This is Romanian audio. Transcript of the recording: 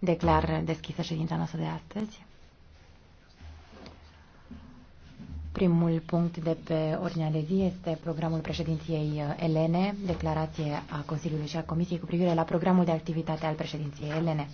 Declar deschisă ședința noastră de astăzi. Primul punct de pe ordinea de zi este programul președinției uh, Elene, declarație a Consiliului și a Comisiei cu privire la programul de activitate al președinției Elene.